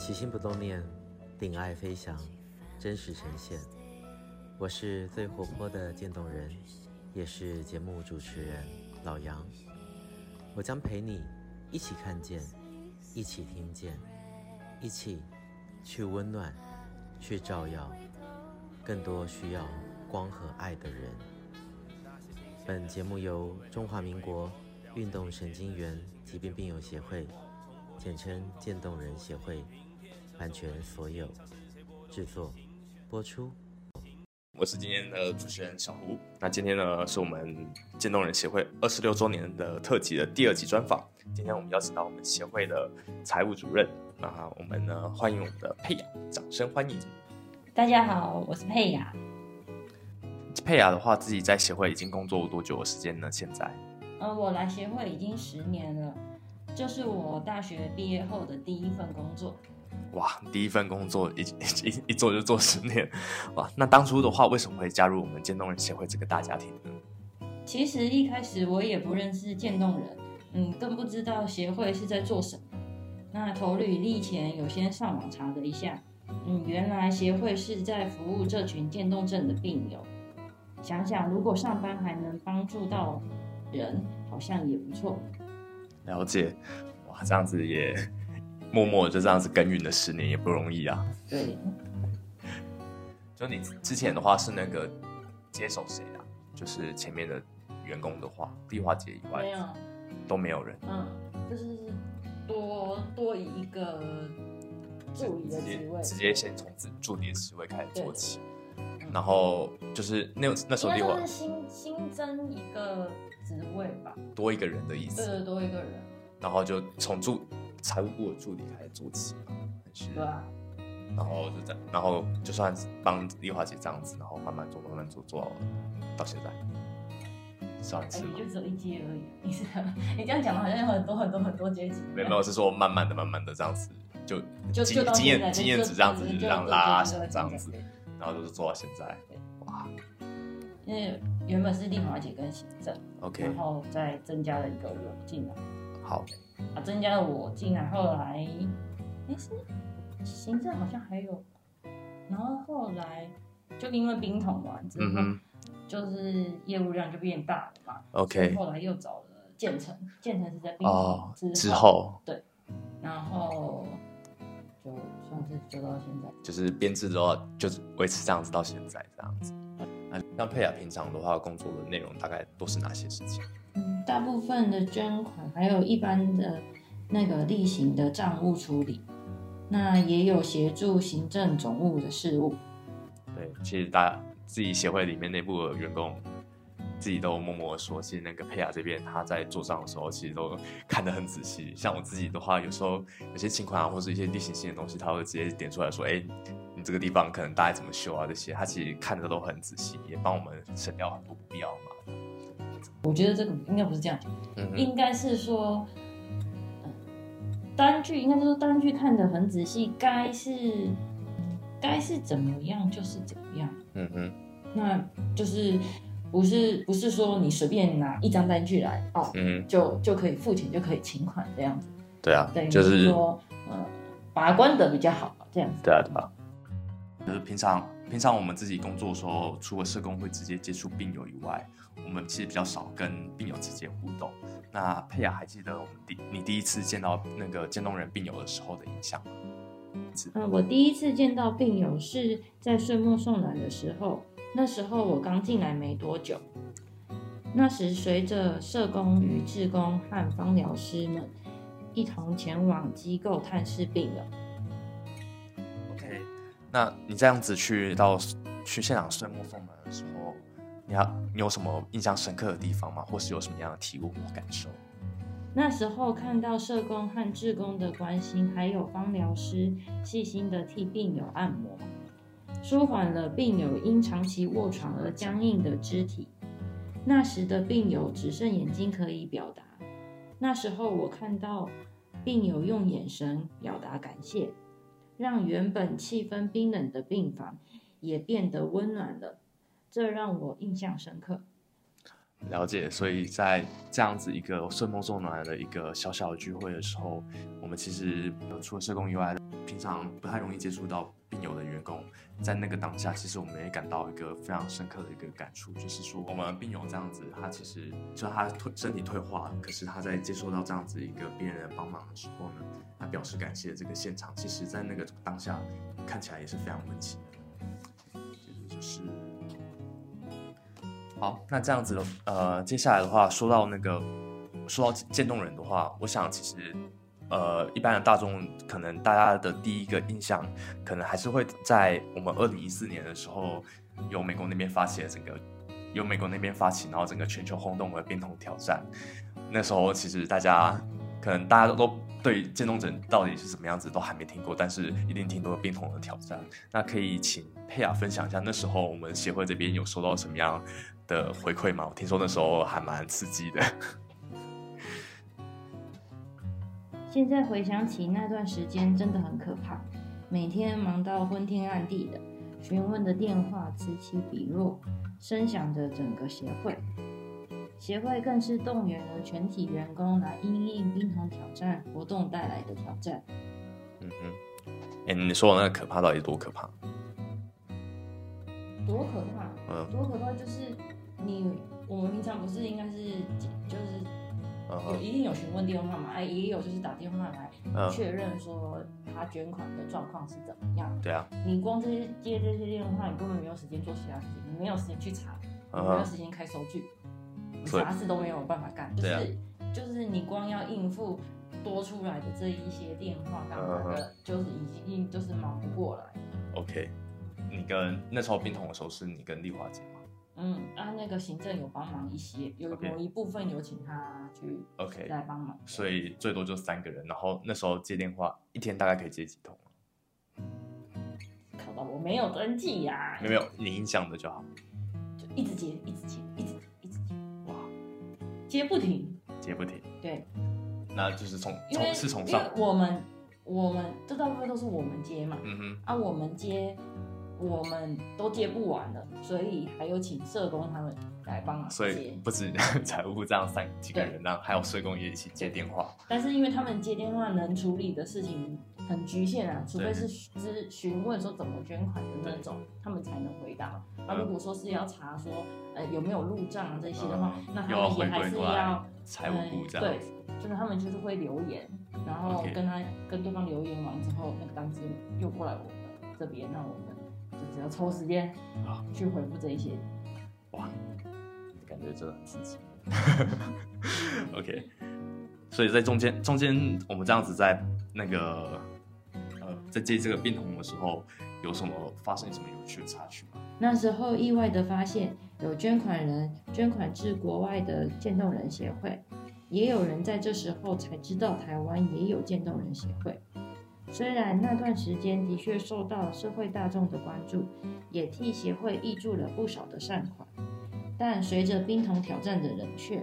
起心不凍念，頂愛飛翔，真實呈現。我是最活潑的漸凍人，也是節目主持人老楊。我將陪你一起看見，一起聽見，一起去溫暖，去照耀更多需要光和愛的人。本節目由中華民國運動神經元疾病病友協會，簡稱漸凍人協會，版權所有製作播出。我是今天的主持人小胡。那今天呢，是我們漸凍人協會二十六周年的特輯的第二集專訪。今天我們邀請到我們協會的財務主任。那我們呢，歡迎我們的珮雅，掌聲歡迎。大家好，我是珮雅。珮雅的話，自己在協會已經工作了多久的時間呢？現在，嗯、呃，我來協會已經十年了，這是我大學畢業後的第一份工作。哇，第一份工作一一一,一做就做十年，哇！那當初的話，為什麼會加入我們漸凍人協會這個大家庭呢？其實一開始我也不認識漸凍人，嗯，更不知道協會是在做什麼。那投履歷前有先上網查了一下，嗯，原來協會是在服務這群漸凍症的病友。想想，如果上班還能幫助到人，好像也不錯。了解，哇，這樣子也默默就這樣子耕耘了十年，也不容易啊。對。就你之前的話是那個接手誰啊？就是前面的員工的話，麗華姐以外，沒有，都沒有人。嗯，就是多多一個助理的職位，直，直接先從助理的職位開始做起。然後就是那那時候，麗華新新增一個職位吧，多一個人的意思，對，對多一個人。然後就從助財務部的助理開始做起嘛，還是對、啊、然後就這樣，然後就算幫麗華姐這樣子，然後慢慢做，慢慢做，做到現在，算是啊，欸、就只有一階而已、啊。你是你這樣講的好像有很多很多很多階級。沒有，是說慢慢的、慢慢的這樣子，就經就就經驗經驗值這樣子這樣拉、啊、這樣子。然後都是做到現在，對哇！因為原本是麗華姐跟行政，OK，然後再增加了一個我進來，好，啊，增加了我進來，後、欸、來，行政好像還有，然後後來就因為冰桶完之、嗯、哼就是業務量就變大了嘛，OK，後來又找了建成，建成是在冰桶之後，oh, 之後，對，然後。Okay. 就算是做到現在，就是編製的話，就是維持這樣子到現在這樣子。好的。啊，那像珮雅平常的話，工作的內容大概都是哪些事情？嗯，大部分的捐款，還有一般的那個例行的賬務處理，那也有協助行政總務的事務。對，其實大家自己協會裡面內部的員工。自己都默默地說，其實那個珮雅這邊他在做賬的時候，其實都看得很仔細。像我自己的話，有時候有些情況啊，或者一些例行性的東西，他會直接點出來說：“哎、欸，你這個地方可能大概怎麼修啊這些。”他其實看得都很仔細，也幫我們省掉很多不必要。我覺得這個應該不是這樣，嗯哼，應該是說，呃、單據應該就是單據看得很仔細，該是該是怎麼樣就是怎麼樣。嗯哼，那就是。不是不是說你隨便拿一張單據來哦，嗯，就就可以付錢，就可以請款這樣子，對啊，等於就是說，呃、把關的比較好吧這樣子，對啊對吧、啊？就是平常平常我們自己工作的時候，除了社工會直接接觸病友以外，我們其實比較少跟病友直接互動。那珮雅還記得我們第你第一次見到那個漸凍人病友的時候的印象嗎？嗯，我第一次見到病友是在歲末送暖的時候。那時候我剛進來沒多久，那時隨着社工與志工和芳療師們一同前往機構探視病友。OK，那你這樣子去到去現場順木風門的時候，你要你有什麼印象深刻的地方嗎？或是有什麼樣的體悟或感受？那時候看到社工和志工的關心，還有芳療師細心的替病友按摩。舒緩了病友因長期臥床而僵硬的肢體。那時的病友只剩眼睛可以表達。那時候我看到病友用眼神表達感謝，讓原本氣氛冰冷的病房也變得溫暖了。這讓我印象深刻。了解，所以在這樣子一個送夢送暖的一個小小的聚會的時候，我們其實除了社工以外。平常不太容易接觸到病友的員工，在那個當下，其實我們也感到一個非常深刻的一個感觸，就是說，我們的病友這樣子，他其實就他退身體退化，可是他在接受到這樣子一個病人的幫忙的時候呢，他表示感謝。這個現場，其實在那個當下看起來也是非常溫情的。就是，好，那這樣子的，呃，接下來的話，說到那個，說到漸凍人的話，我想其實。呃，一般的大眾可能大家的第一個印象，可能還是會在我們二零一四年的時候，由美國那邊發起的整個，由美國那邊發起，然後整個全球轟動的冰桶挑戰。那時候其實大家可能大家都對漸凍症到底是什麼樣子都還沒聽過，但是一定聽過冰桶的挑戰。那可以請珮雅分享一下，那時候我們協會這邊有收到什麼樣的回饋嗎？我聽說那時候還蠻刺激的。現在回想起那段時間，真的很可怕。每天忙到昏天暗地的，詢問的電話此起彼落，聲響着整個協會。協會更是動員了全體員工來應應冰桶挑戰活動帶來的挑戰。嗯哼，哎、嗯欸，你說我那個可怕到底多可怕？多可怕？嗯、多可怕就是你，我們平常不是應該是就是。Uh huh. 有一定有詢問電話嘛？還，也有就是打電話來確認說他捐款的狀況是怎麼樣。對啊、uh，huh. 你光這些接這些電話，你根本沒有時間做其他事情，你沒有時間去查，uh huh. 你沒有時間開收據，你 So 啥事都沒有辦法幹。Uh huh. 就是就是你光要應付多出來的這一些電話，剛剛的就是已經就是忙不過來。Uh huh. OK，你跟那時候病痛的時候是你跟麗華姐嗎？嗯啊，那個行政有幫忙一些，有某一部分有請他去 OK 來幫忙，okay. 所以最多就三個人。然後那時候接電話一天大概可以接幾通？靠，我沒有登記呀、啊。沒有，你印象的就好，就一直接，一直接，一直接，一直接。哇，接不停，接不停。對，那就是從從為是從上我們我們這大部分都是我們接嘛，嗯哼啊我們接。我們都接不完了，所以還有請社工他們來幫忙接。所以不止財務部這樣三幾個人，那對還有社工也一起接電話。但是因為他們接電話能處理的事情很局限啊，除非是只詢對問說怎麼捐款的那種，對他們才能回答。那、嗯啊、如果說是要查說呃有沒有入賬啊這些的話，嗯、那他們也還是要財務部這樣。對，就是他們就是會留言，然後跟他 Okay. 跟對方留言完之後，那個單子又過來我們這邊，那我們。就只要抽時間，啊去回復這一些，哇，感覺真的很刺激。 OK，所以在中間中間，我們這樣子在那個呃，在接這個冰桶的時候，有什麼發生什麼有趣的插曲嗎？那時候意外的發現，有捐款人捐款至國外的漸凍人協會，也有人在這時候才知道台灣也有漸凍人協會。雖然那段時間的確受到社會大眾的關注，也替協會挹注了不少的善款，但隨着冰桶挑戰的冷卻，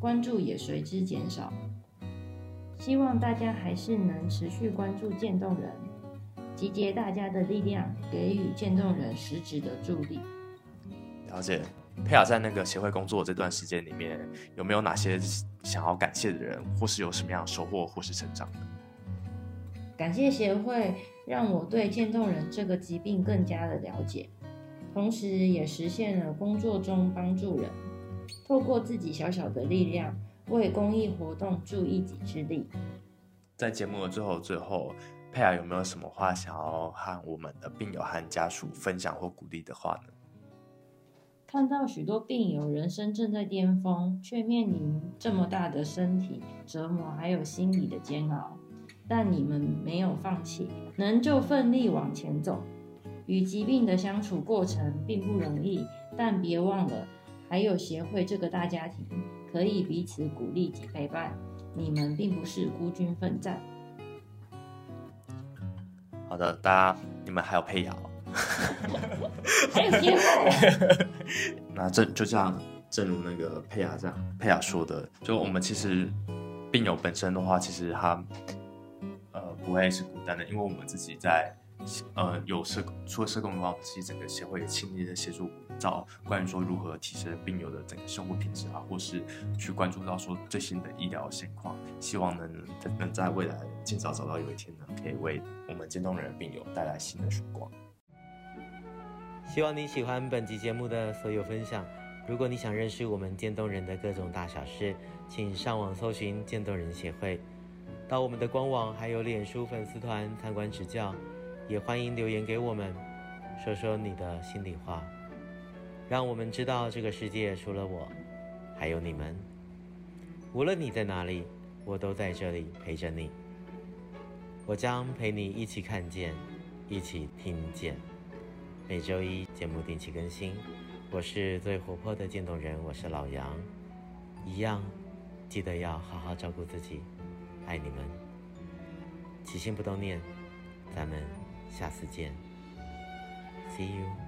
關注也隨之減少。希望大家還是能持續關注漸凍人，集結大家的力量，給予漸凍人實質的助力。了解，珮雅在那個協會工作這段時間裡面，有沒有哪些想要感謝的人，或是有什麼樣的收穫，或是成長？感謝協會讓我對漸凍人這個疾病更加的了解，同時也實現了工作中幫助人，透過自己小小的力量為公益活動助一己之力。在節目的最後，最後珮雅有沒有什麼話想要和我們的病友和家屬分享或鼓勵的話呢？看到許多病友人生正在巔峰，卻面臨這麼大的身體折磨，還有心理的煎熬。但你們沒有放棄，能就奮力往前走。與疾病的相處過程並不容易，但別忘了，還有協會這個大家庭，可以彼此鼓勵及陪伴。你們並不是孤軍奮戰。好的，大家，你們還有珮雅哦。珮雅。那正，就像，正如那個珮雅這樣，珮雅說的，就我們其實病友本身的話，其實他。不會是孤單的，因為我們自己在，呃，有社除了社工以外，我們自己整個協會也盡力的協助，找關於說如何提升病友的整個生活品質啊，或是去關注到說最新的醫療現況，希望能能在未來儘早找到有一天呢，可以為我們漸凍人的病友帶來新的曙光。希望你喜歡本集節目的所有分享。如果你想認識我們漸凍人的各種大小事，請上網搜尋漸凍人協會。到我們的官網還有臉書粉絲團參觀指教，也歡迎留言給我們，說說你的心裡話，讓我們知道這個世界除了我，還有你們。無論你在哪裡，我都在這裡陪着你。我將陪你一起看見，一起聽見。每周一節目定期更新，我是最活潑的漸凍人，我是老楊。一樣，記得要好好照顧自己。愛你們，起心不凍念，咱們下次見，See you。